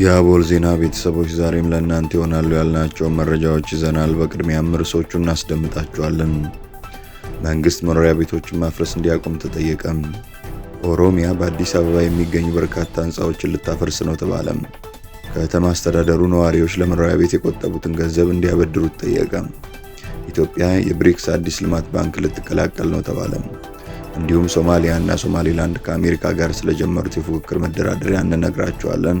የአቦል ዜና ቤተሰቦች ዛሬም ለእናንተ ይሆናሉ ያልናቸውን መረጃዎች ይዘናል። በቅድሚያም ርዕሶቹ እናስደምጣቸዋለን። መንግስት መኖሪያ ቤቶችን ማፍረስ እንዲያቆም ተጠየቀም። ኦሮሚያ በአዲስ አበባ የሚገኙ በርካታ ህንፃዎችን ልታፈርስ ነው ተባለም። ከተማ አስተዳደሩ ነዋሪዎች ለመኖሪያ ቤት የቆጠቡትን ገንዘብ እንዲያበድሩት ጠየቀም ኢትዮጵያ የብሪክስ አዲስ ልማት ባንክ ልትቀላቀል ነው ተባለም። እንዲሁም ሶማሊያ እና ሶማሊላንድ ከአሜሪካ ጋር ስለጀመሩት የፉክክር መደራደሪያ እንነግራቸዋለን።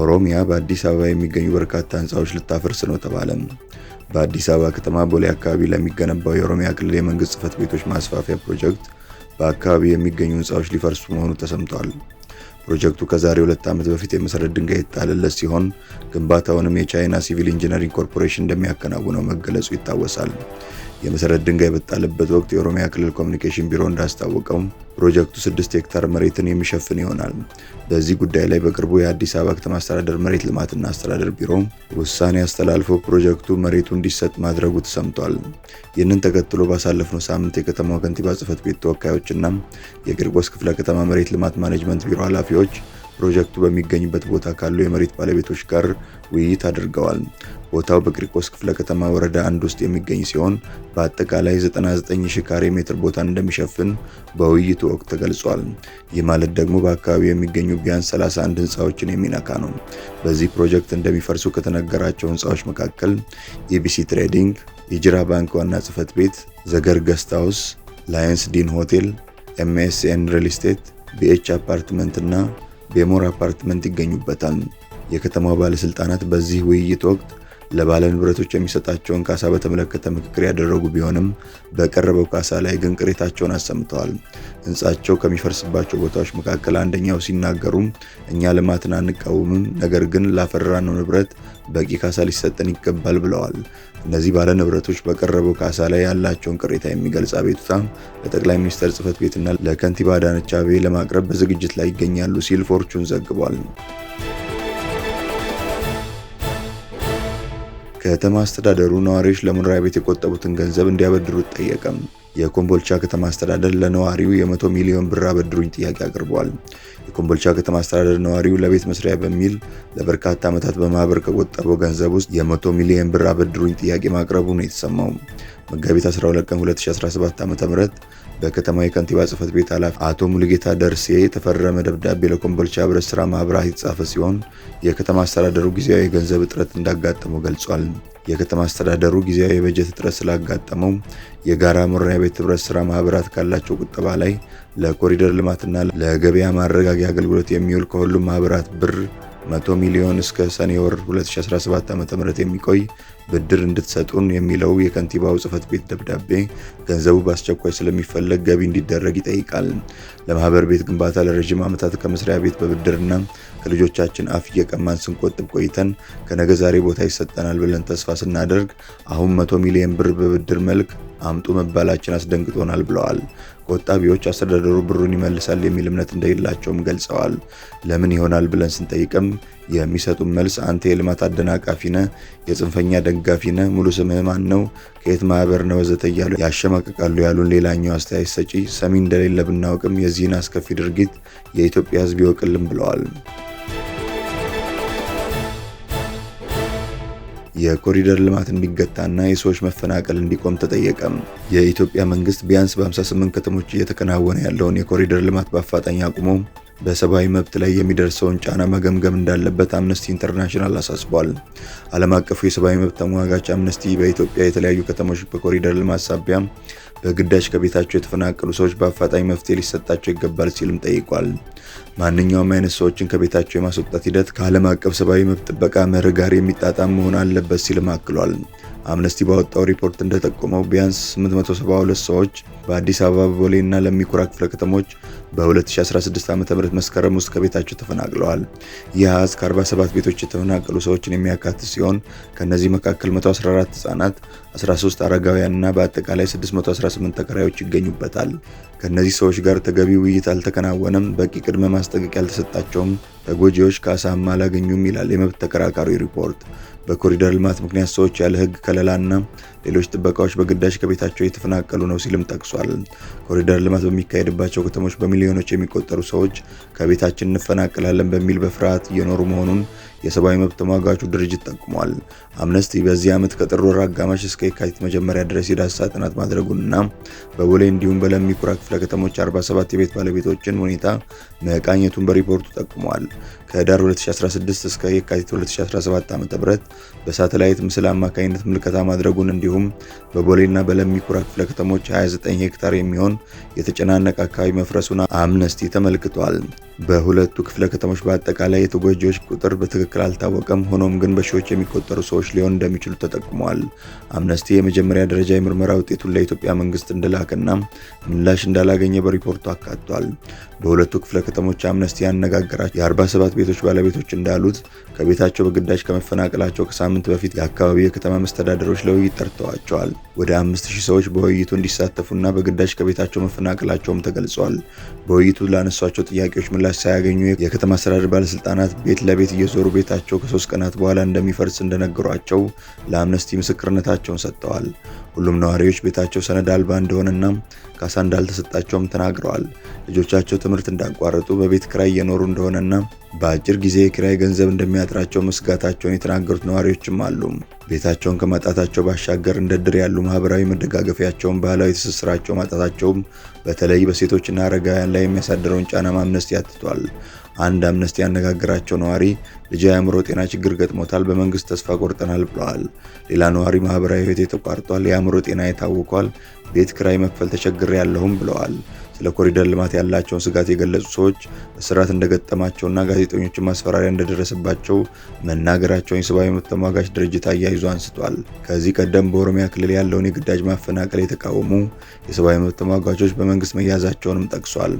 ኦሮሚያ በአዲስ አበባ የሚገኙ በርካታ ህንፃዎች ልታፈርስ ነው ተባለም። በአዲስ አበባ ከተማ ቦሌ አካባቢ ለሚገነባው የኦሮሚያ ክልል የመንግስት ጽህፈት ቤቶች ማስፋፊያ ፕሮጀክት በአካባቢ የሚገኙ ህንፃዎች ሊፈርሱ መሆኑ ተሰምቷል። ፕሮጀክቱ ከዛሬ ሁለት ዓመት በፊት የመሰረት ድንጋይ የተጣለለት ሲሆን ግንባታውንም የቻይና ሲቪል ኢንጂነሪንግ ኮርፖሬሽን እንደሚያከናውነው መገለጹ ይታወሳል። የመሰረት ድንጋይ በጣለበት ወቅት የኦሮሚያ ክልል ኮሚኒኬሽን ቢሮ እንዳስታወቀው ፕሮጀክቱ 6 ሄክታር መሬትን የሚሸፍን ይሆናል። በዚህ ጉዳይ ላይ በቅርቡ የአዲስ አበባ ከተማ አስተዳደር መሬት ልማትና አስተዳደር ቢሮ ውሳኔ አስተላልፎ ፕሮጀክቱ መሬቱ እንዲሰጥ ማድረጉ ተሰምቷል። ይህንን ተከትሎ ባሳለፍነው ሳምንት የከተማዋ ከንቲባ ጽህፈት ቤት ተወካዮችና የቂርቆስ ክፍለ ከተማ መሬት ልማት ማኔጅመንት ቢሮ ኃላፊዎች ፕሮጀክቱ በሚገኝበት ቦታ ካሉ የመሬት ባለቤቶች ጋር ውይይት አድርገዋል። ቦታው በግሪኮስ ክፍለ ከተማ ወረዳ አንድ ውስጥ የሚገኝ ሲሆን በአጠቃላይ 99 ሺህ ካሬ ሜትር ቦታን እንደሚሸፍን በውይይቱ ወቅት ተገልጿል። ይህ ማለት ደግሞ በአካባቢው የሚገኙ ቢያንስ 31 ህንፃዎችን የሚነካ ነው። በዚህ ፕሮጀክት እንደሚፈርሱ ከተነገራቸው ህንፃዎች መካከል ኢቢሲ ትሬዲንግ፣ የጅራ ባንክ ዋና ጽህፈት ቤት፣ ዘገር ገስት ሃውስ፣ ላየንስ ዲን ሆቴል፣ ኤምኤስኤን ሪል ስቴት፣ ቢኤች አፓርትመንት እና ቤሞር አፓርትመንት ይገኙበታል። የከተማው ባለስልጣናት በዚህ ውይይት ወቅት ለባለ ንብረቶች የሚሰጣቸውን ካሳ በተመለከተ ምክክር ያደረጉ ቢሆንም በቀረበው ካሳ ላይ ግን ቅሬታቸውን አሰምተዋል። ህንፃቸው ከሚፈርስባቸው ቦታዎች መካከል አንደኛው ሲናገሩ እኛ ልማትን አንቃወምም፣ ነገር ግን ላፈራነው ንብረት በቂ ካሳ ሊሰጠን ይገባል ብለዋል። እነዚህ ባለ ንብረቶች በቀረበው ካሳ ላይ ያላቸውን ቅሬታ የሚገልጽ አቤቱታ ለጠቅላይ ሚኒስተር ጽህፈት ቤትና ለከንቲባ አዳነች አቤቤ ለማቅረብ በዝግጅት ላይ ይገኛሉ ሲል ፎርቹን ዘግቧል። ከተማ አስተዳደሩ ነዋሪዎች ለመኖሪያ ቤት የቆጠቡትን ገንዘብ እንዲያበድሩት ጠየቀም። የኮምቦልቻ ከተማ አስተዳደር ለነዋሪው የ100 ሚሊዮን ብር አበድሩኝ ጥያቄ አቅርቧል። የኮምቦልቻ ከተማ አስተዳደር ነዋሪው ለቤት መስሪያ በሚል ለበርካታ ዓመታት በማህበር ከቆጠበው ገንዘብ ውስጥ የ100 ሚሊዮን ብር አበድሩኝ ጥያቄ ማቅረቡ ነው የተሰማው። መጋቢት 12 ቀን 2017 ም በከተማ የከንቲባ ጽህፈት ቤት ኃላፊ አቶ ሙሉጌታ ደርሴ የተፈረመ ደብዳቤ ለኮምቦልቻ ህብረት ስራ ማህበራት የተጻፈ ሲሆን የከተማ አስተዳደሩ ጊዜያዊ የገንዘብ እጥረት እንዳጋጠመው ገልጿል። የከተማ አስተዳደሩ ጊዜያዊ የበጀት እጥረት ስላጋጠመው የጋራ መኖሪያ ቤት ህብረት ስራ ማህበራት ካላቸው ቁጠባ ላይ ለኮሪደር ልማትና ለገበያ ማረጋጊያ አገልግሎት የሚውል ከሁሉም ማህበራት ብር 100 ሚሊዮን እስከ ሰኔ ወር 2017 ዓ.ም የሚቆይ ብድር እንድትሰጡን የሚለው የከንቲባው ጽህፈት ቤት ደብዳቤ ገንዘቡ በአስቸኳይ ስለሚፈለግ ገቢ እንዲደረግ ይጠይቃል። ለማህበር ቤት ግንባታ ለረዥም ዓመታት ከመስሪያ ቤት በብድርና ከልጆቻችን አፍ እየቀማን ስንቆጥብ ቆይተን ከነገ ዛሬ ቦታ ይሰጠናል ብለን ተስፋ ስናደርግ አሁን መቶ ሚሊዮን ብር በብድር መልክ አምጡ መባላችን አስደንግጦናል ብለዋል። ቆጣቢዎች አስተዳደሩ ብሩን ይመልሳል የሚል እምነት እንደሌላቸውም ገልጸዋል። ለምን ይሆናል ብለን ስንጠይቅም የሚሰጡን መልስ አንተ የልማት አደናቃፊ ነህ፣ የጽንፈኛ ደጋፊ ነህ፣ ሙሉ ስምህ ማን ነው፣ ከየት ማህበር ነው ወዘተ እያሉ ያሸማቅቃሉ ያሉን ሌላኛው አስተያየት ሰጪ ሰሚ እንደሌለ ብናውቅም የዚህን አስከፊ ድርጊት የኢትዮጵያ ሕዝብ ይወቅልም ብለዋል። የኮሪደር ልማት እንዲገታና የሰዎች መፈናቀል እንዲቆም ተጠየቀም። የኢትዮጵያ መንግስት ቢያንስ በ58 ከተሞች እየተከናወነ ያለውን የኮሪደር ልማት በአፋጣኝ አቁሞ በሰብአዊ መብት ላይ የሚደርሰውን ጫና መገምገም እንዳለበት አምነስቲ ኢንተርናሽናል አሳስቧል። ዓለም አቀፉ የሰብአዊ መብት ተሟጋች አምነስቲ በኢትዮጵያ የተለያዩ ከተሞች በኮሪደር ልማት ሳቢያ በግዳጅ ከቤታቸው የተፈናቀሉ ሰዎች በአፋጣኝ መፍትሄ ሊሰጣቸው ይገባል ሲልም ጠይቋል። ማንኛውም አይነት ሰዎችን ከቤታቸው የማስወጣት ሂደት ከዓለም አቀፍ ሰብአዊ መብት ጥበቃ መርህ ጋር የሚጣጣም መሆን አለበት ሲልም አክሏል። አምነስቲ ባወጣው ሪፖርት እንደጠቆመው ቢያንስ 872 ሰዎች በአዲስ አበባ በቦሌና ለሚኩራ ክፍለ ከተሞች በ2016 ዓ ም መስከረም ውስጥ ከቤታቸው ተፈናቅለዋል። ይህ አሃዝ ከ47 ቤቶች የተፈናቀሉ ሰዎችን የሚያካትት ሲሆን ከእነዚህ መካከል 114 ህጻናት፣ 13 አረጋውያንና በአጠቃላይ 618 ተከራዮች ይገኙበታል። ከእነዚህ ሰዎች ጋር ተገቢ ውይይት አልተከናወነም፣ በቂ ቅድመ ማስጠንቀቂያ አልተሰጣቸውም፣ ተጎጂዎች ካሳም አላገኙም ይላል የመብት ተከራካሪ ሪፖርት። በኮሪደር ልማት ምክንያት ሰዎች ያለ ሕግ ከለላና ሌሎች ጥበቃዎች በግዳጅ ከቤታቸው እየተፈናቀሉ ነው ሲልም ጠቅሷል። ኮሪደር ልማት በሚካሄድባቸው ከተሞች በሚሊዮኖች የሚቆጠሩ ሰዎች ከቤታችን እንፈናቀላለን በሚል በፍርሃት እየኖሩ መሆኑን የሰብአዊ መብት ተሟጋቹ ድርጅት ጠቁሟል። አምነስቲ በዚህ ዓመት ከጥር ወር አጋማሽ እስከ የካቲት መጀመሪያ ድረስ የዳሰሳ ጥናት ማድረጉንና በቦሌ እንዲሁም በለሚ ኩራ ክፍለ ከተሞች 47 የቤት ባለቤቶችን ሁኔታ መቃኘቱን በሪፖርቱ ጠቁሟል። ከህዳር 2016 እስከ የካቲት 2017 ዓ.ም በሳተላይት ምስል አማካኝነት ምልከታ ማድረጉን እንዲሁም በቦሌና በለሚኩራ ክፍለ ከተሞች 29 ሄክታር የሚሆን የተጨናነቀ አካባቢ መፍረሱን አምነስቲ ተመልክቷል። በሁለቱ ክፍለ ከተሞች በአጠቃላይ የተጎጂዎች ቁጥር በትክክል አልታወቀም። ሆኖም ግን በሺዎች የሚቆጠሩ ሰዎች ሊሆን እንደሚችሉ ተጠቅሟል። አምነስቲ የመጀመሪያ ደረጃ የምርመራ ውጤቱን ለኢትዮጵያ መንግስት እንደላከና ምላሽ እንዳላገኘ በሪፖርቱ አካቷል። በሁለቱ ክፍለ ከተሞች አምነስቲ ያነጋገራቸው የ47 ቤቶች ባለቤቶች እንዳሉት ከቤታቸው በግዳጅ ከመፈናቀላቸው ከሳምንት በፊት የአካባቢው የከተማ መስተዳደሮች ለውይይት ጠርተዋቸዋል። ወደ አምስት ሺህ ሰዎች በውይይቱ እንዲሳተፉና በግዳጅ ከቤታቸው መፈናቀላቸውም ተገልጿል። በውይይቱ ላነሷቸው ጥያቄዎች ምላሽ ሳያገኙ የከተማ አስተዳደር ባለስልጣናት ቤት ለቤት እየዞሩ ቤታቸው ከሶስት ቀናት በኋላ እንደሚፈርስ እንደነገሯቸው ለአምነስቲ ምስክርነታቸውን ሰጥተዋል። ሁሉም ነዋሪዎች ቤታቸው ሰነድ አልባ እንደሆነና ካሳ እንዳልተሰጣቸውም ተናግረዋል። ልጆቻቸው ትምህርት እንዳቋረጡ በቤት ክራይ እየኖሩ እንደሆነና በአጭር ጊዜ የኪራይ ገንዘብ እንደሚያጥራቸው መስጋታቸውን የተናገሩት ነዋሪዎችም አሉ። ቤታቸውን ከማጣታቸው ባሻገር እንደ ድር ያሉ ማህበራዊ መደጋገፊያቸውን፣ ባህላዊ ትስስራቸው ማጣታቸውም በተለይ በሴቶችና አረጋውያን ላይ የሚያሳድረውን ጫናማ አምነስቲ አትቷል። አንድ አምነስቲ ያነጋገራቸው ነዋሪ ልጅ የአእምሮ ጤና ችግር ገጥሞታል፣ በመንግስት ተስፋ ቆርጠናል ብለዋል። ሌላ ነዋሪ ማህበራዊ ህይወት ተቋርጧል፣ የአእምሮ ጤና የታውቋል፣ ቤት ክራይ መክፈል ተቸግሬ ያለሁም ብለዋል። ስለ ኮሪደር ልማት ያላቸውን ስጋት የገለጹ ሰዎች እስራት እንደገጠማቸውና ጋዜጠኞችን ማስፈራሪያ እንደደረሰባቸው መናገራቸውን የሰብአዊ መብት ተሟጋች ድርጅት አያይዞ አንስቷል። ከዚህ ቀደም በኦሮሚያ ክልል ያለውን የግዳጅ ማፈናቀል የተቃወሙ የሰብአዊ መብት ተሟጋቾች በመንግስት መያዛቸውንም ጠቅሷል።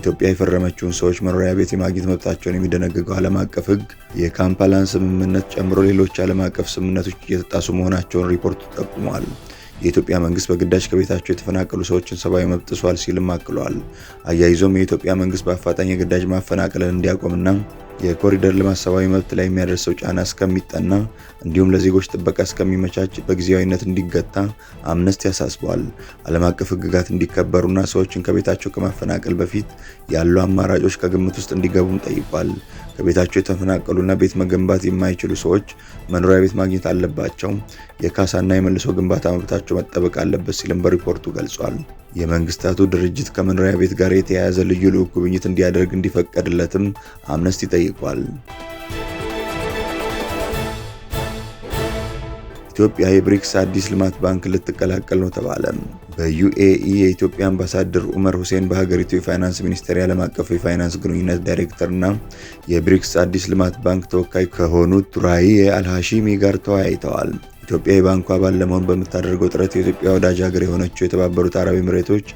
ኢትዮጵያ የፈረመችውን ሰዎች መኖሪያ ቤት የማግኘት መብታቸውን የሚደነግገው ዓለም አቀፍ ህግ የካምፓላን ስምምነት ጨምሮ ሌሎች ዓለም አቀፍ ስምምነቶች እየተጣሱ መሆናቸውን ሪፖርቱ ጠቁሟል። የኢትዮጵያ መንግስት በግዳጅ ከቤታቸው የተፈናቀሉ ሰዎችን ሰብአዊ መብት ጥሷል ሲልም አያይዞም የኢትዮጵያ መንግስት በአፋጣኝ የግዳጅ ማፈናቀልን እንዲያቆምና የኮሪደር ልማት ሰብአዊ መብት ላይ የሚያደርሰው ጫና እስከሚጠና እንዲሁም ለዜጎች ጥበቃ እስከሚመቻች በጊዜያዊነት እንዲገታ አምነስቲ ያሳስበዋል። ዓለም አቀፍ ሕግጋት እንዲከበሩና ሰዎችን ከቤታቸው ከማፈናቀል በፊት ያሉ አማራጮች ከግምት ውስጥ እንዲገቡም ጠይቋል። ከቤታቸው የተፈናቀሉና ቤት መገንባት የማይችሉ ሰዎች መኖሪያ ቤት ማግኘት አለባቸው። የካሳና የመልሶ ግንባታ መብታቸው መጠበቅ አለበት ሲልም በሪፖርቱ ገልጿል። የመንግስታቱ ድርጅት ከመኖሪያ ቤት ጋር የተያያዘ ልዩ ልዑክ ጉብኝት እንዲያደርግ እንዲፈቀድለትም አምነስቲ ጠይቋል። ኢትዮጵያ የብሪክስ አዲስ ልማት ባንክ ልትቀላቀል ነው ተባለ። በዩኤኢ የኢትዮጵያ አምባሳደር ዑመር ሁሴን በሀገሪቱ የፋይናንስ ሚኒስቴር የዓለም አቀፉ የፋይናንስ ግንኙነት ዳይሬክተርና የብሪክስ አዲስ ልማት ባንክ ተወካይ ከሆኑት ቱራይ አልሃሺሚ ጋር ተወያይተዋል። ኢትዮጵያ የባንኩ አባል ለመሆን በምታደርገው ጥረት የኢትዮጵያ ወዳጅ ሀገር የሆነችው የተባበሩት አረብ ኤምሬቶች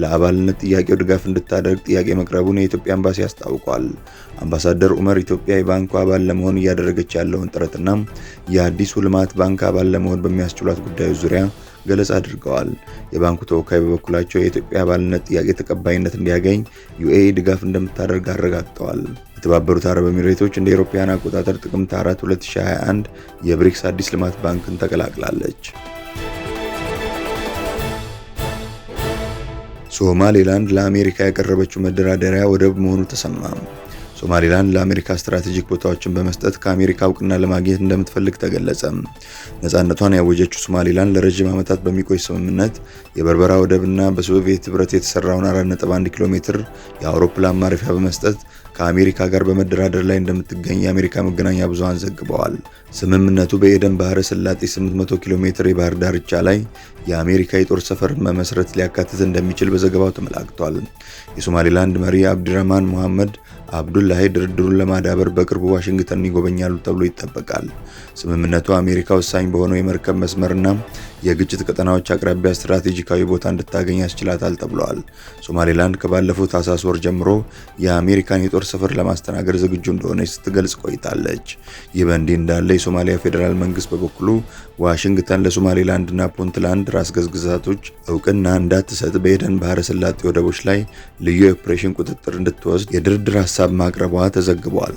ለአባልነት ጥያቄው ድጋፍ እንድታደርግ ጥያቄ መቅረቡን የኢትዮጵያ ኤምባሲ አስታውቋል። አምባሳደር ኡመር ኢትዮጵያ የባንኩ አባል ለመሆን እያደረገች ያለውን ጥረትና የአዲሱ ልማት ባንክ አባል ለመሆን በሚያስችሏት ጉዳዮች ዙሪያ ገለጻ አድርገዋል። የባንኩ ተወካይ በበኩላቸው የኢትዮጵያ አባልነት ጥያቄ ተቀባይነት እንዲያገኝ ዩኤኢ ድጋፍ እንደምታደርግ አረጋግጠዋል። የተባበሩት አረብ ኤሚሬቶች እንደ አውሮፓውያን አቆጣጠር ጥቅምት 4 2021 የብሪክስ አዲስ ልማት ባንክን ተቀላቅላለች። ሶማሌላንድ ለአሜሪካ ያቀረበችው መደራደሪያ ወደብ መሆኑ ተሰማ። ሶማሊላንድ ለአሜሪካ ስትራቴጂክ ቦታዎችን በመስጠት ከአሜሪካ እውቅና ለማግኘት እንደምትፈልግ ተገለጸ። ነፃነቷን ያወጀችው ሶማሊላንድ ለረዥም ዓመታት በሚቆይ ስምምነት የበርበራ ወደብና በሶቪየት ህብረት የተሰራውን 4.1 ኪሎ ሜትር የአውሮፕላን ማረፊያ በመስጠት ከአሜሪካ ጋር በመደራደር ላይ እንደምትገኝ የአሜሪካ መገናኛ ብዙሃን ዘግበዋል። ስምምነቱ በኤደን ባህረ ስላጤ 800 ኪሎ ሜትር የባህር ዳርቻ ላይ የአሜሪካ የጦር ሰፈርን መመስረት ሊያካትት እንደሚችል በዘገባው ተመላክቷል። የሶማሊላንድ መሪ አብድረማን ሙሐመድ አብዱላሂ ድርድሩን ለማዳበር በቅርቡ ዋሽንግተን ይጎበኛሉ ተብሎ ይጠበቃል። ስምምነቱ አሜሪካ ወሳኝ በሆነው የመርከብ መስመርና የግጭት ቀጠናዎች አቅራቢያ ስትራቴጂካዊ ቦታ እንድታገኝ ያስችላታል ተብለዋል። ሶማሌላንድ ከባለፉት ታህሳስ ወር ጀምሮ የአሜሪካን የጦር ሰፈር ለማስተናገድ ዝግጁ እንደሆነች ስትገልጽ ቆይታለች። ይህ በእንዲህ እንዳለ የሶማሊያ ፌዴራል መንግስት በበኩሉ ዋሽንግተን ለሶማሌላንድና ፑንትላንድ ራስ ገዝ ግዛቶች እውቅና እንዳትሰጥ በኤደን ባህረ ስላጤ ወደቦች ላይ ልዩ የኦፕሬሽን ቁጥጥር እንድትወስድ የድርድር ሀሳብ ማቅረቧ ተዘግቧል።